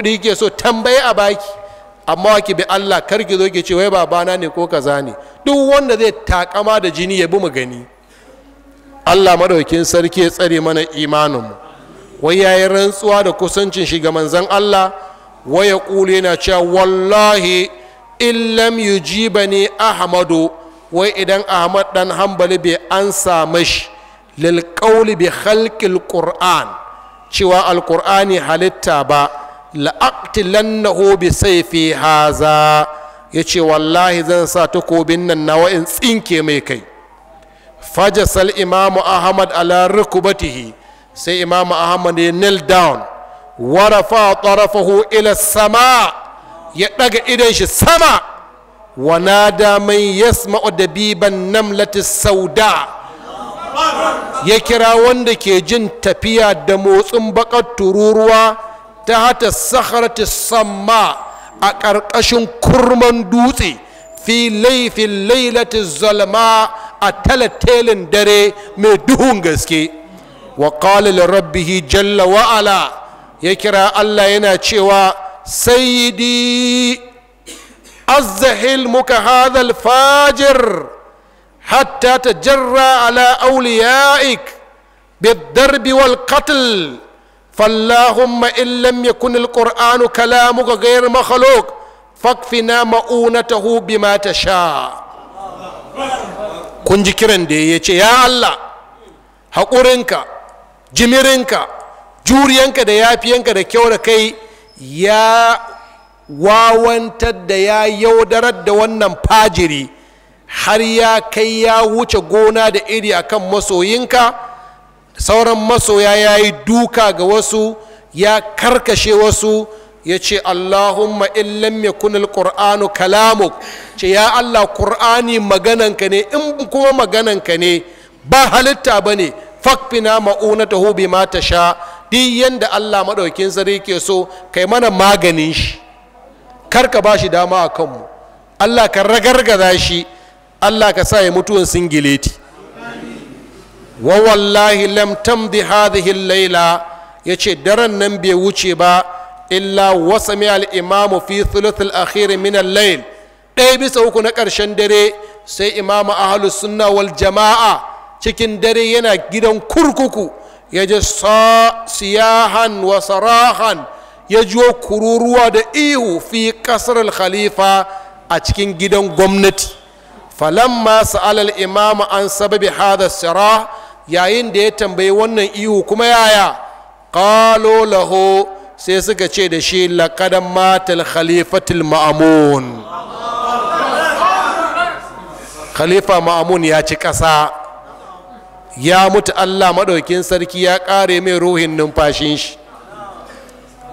kuɗi ke so tambaye a baki amma ki bi Allah kar ki zo ki ce wai babana ne ko kaza ne duk wanda zai takama da jini ya bi mu gani Allah madaukin sarki ya tsare mana imanin mu wai yayi rantsuwa da kusancin shi ga manzon Allah wai ya kule yana cewa wallahi in lam yujibani ahmadu wai idan ahmad dan hambali bai ansa mashi lil qawli bi khalqil qur'an cewa alqur'ani halitta ba la'aqtilannahu bi sayfi haza yace wallahi zan sa takobin nan nawa in tsinke mai kai fajasal imamu ahmad ala rukubatihi sai imamu ahmad ya kneel down warafa tarafahu ila sama ya daga idan shi sama wa nada man yasma'u dabiban namlati sauda ya kira wanda ke jin tafiya da motsin bakar tururuwa ta hata sakharati samma a ƙarƙashin kurman dutse fi laifin lailati zalma a talatelin dare mai duhun gaske wa rabbi rabbihi jalla wa'ala ya kira Allah yana cewa sayyidi azzahil muka hadha fajir hatta tajarra ala awliyaik بالضرب والقتل fallahumma in lam yakun alqur'anu kalamuka ghayr makhluq fakfina ma'unatahu bima tasha kun ji kiran da ya ce ya Allah haƙurinka jimirinka juriyanka da yafiyanka da kyau da kai ya wawantar da ya yaudarar da wannan fajiri har ya kai ya wuce gona da iri akan masoyinka sauran masoya ya yi duka ga wasu ya karkashe wasu ya ce allahumma illam ya kunil ƙur'anu kalamuk ce ya allah ƙur'ani magananka ne in kuma magananka ne ba halitta ba ne fakfina ta hubi ma ta sha duk yadda allah maɗaukin sarki ke so kai mana maganin shi karka ba shi dama a kanmu allah ka ragargaza shi allah ka sa ya mutuwan singileti wa wallahi lam tamdi hadhihi layla yace daren nan bai wuce ba illa wasami al imamu fi thuluth al-akhir min al-layl ɗaya bisa uku na ƙarshen dare sai imamu ahlus sunna wal jama'a cikin dare yana gidan kurkuku ya ji siyahan wa sarahan ya jiwo kururuwa da ihu fi kasar khalifa a cikin gidan gwamnati falamma sa'alal imama an sababi hada sirah yayin da ya tambayi wannan ihu kuma yaya qalo laho sai suka ce da shi laqad matal khalifatul Ma'amun khalifa Ma'amun ya ci ƙasa ya mutu Allah maɗaukin sarki ya ƙare mai ruhin numfashin shi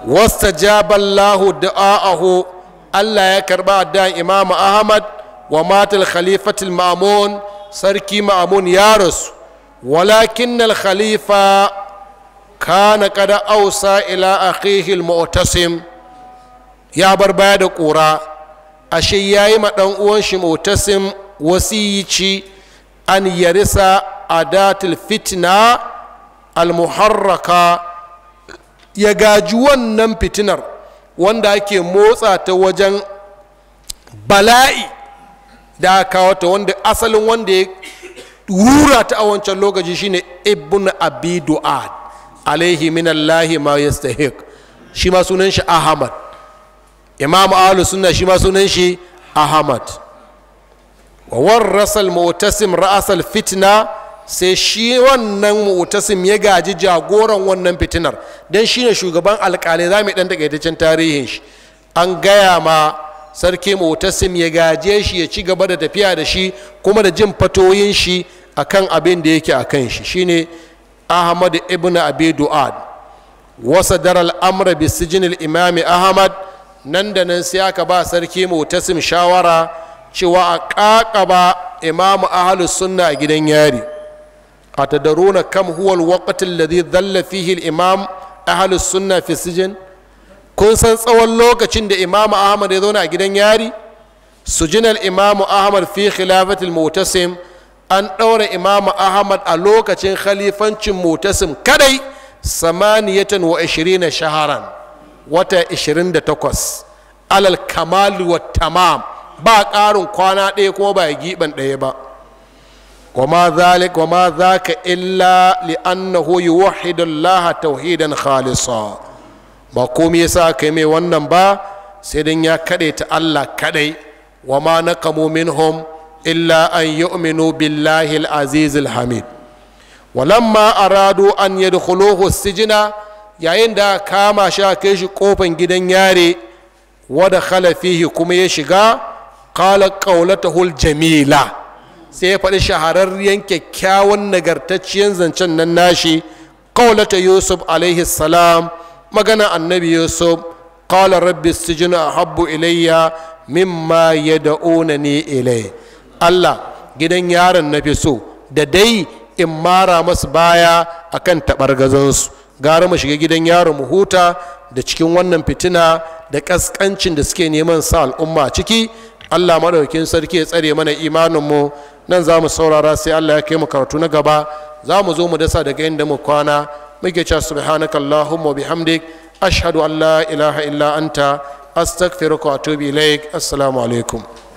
wasta jaballahu da'a'ahu Allah ya karba da imamu Ahmad wa matal khalifatul Ma'amun sarki Ma'amun ya rasu walakin khalifa kana kada ausa ila akhihi ya bar baya da ƙura ashe ya yi ma dan uwan shi mu'tasim wasiyici an yarisa adatul fitna al-muharraka ya gaji wannan fitinar wanda ake motsa ta wajen bala'i da aka wata wanda asalin wanda rura ta a wancan lokaci shine ibn abi du'ad alaihi min allahi ma yastahiq shi ma sunan shi ahmad imam ahlus sunna shi ma sunan shi ahmad wa warrasa al-mu'tasim ra'as fitna sai shi wannan mu'tasim ya gaji jagoran wannan fitinar dan shine shugaban alƙalai zamu dan takaitaccen tarihin shi an gaya ma sarki mu'tasim ya gaje shi ya ci gaba da tafiya da shi kuma da jin fatoyin shi akan abin da yake kan shi shine ahmad ibn abi du'ad wasa daral amra bi sijinil imami ahmad nan da nan sai aka ba sarki mutasim shawara cewa a kakaba imamu ahlus sunna a gidan yari atadaruna kam huwal alwaqt alladhi dhalla fihi al-imam ahlus sunna fi sijin kun san tsawon lokacin da imamu ahmad ya zauna a gidan yari sujinal imamu ahmad fi khilafatil mutasim an ɗaura imamu ahmad a lokacin khalifancin mutasim kadai samaniyatan wa na shaharan wata 28 alal kamal wa tamam ba ƙarin kwana ɗaya kuma ba giɓan ɗaya ba wama zalik wama zaka illa li'annahu yuwahhidu Allah tauhidan khalisa ba komai yasa kai mai wannan ba sai dan ya ta Allah kadai wama naqamu minhum illa an yu'minu billahi al-aziz hamid walamma arado an yadkhuluhu sijina yayin da kama shi kai shi kofan gidan yare wada khalafihi kuma ya shiga qala qawlatuhu jamila sai ya faɗi shahararriyar kyakkyawan nagartacciyar zancen nan nashi qawlata yusuf alaihi salam magana annabi yusuf Kala rabbi sijina ahabbu ilayya mimma yad'unani ilai. allah gidan yaron na fi so da dai in mara masu baya a kan akan taɓargazansu gara mu shiga gidan yaron mu huta da cikin wannan fitina da ƙasƙancin da suke neman sa al'umma ciki allah maɗaukin sarki ya tsare mana imaninmu nan za mu saurara sai allah ya kai mu karatu na gaba za mu zo mu dasa daga inda mu kwana muke cewa subhanaka allahumma bihamdik ashhadu an la ilaha illa anta astaghfiruka wa atubu ilaik assalamu alaikum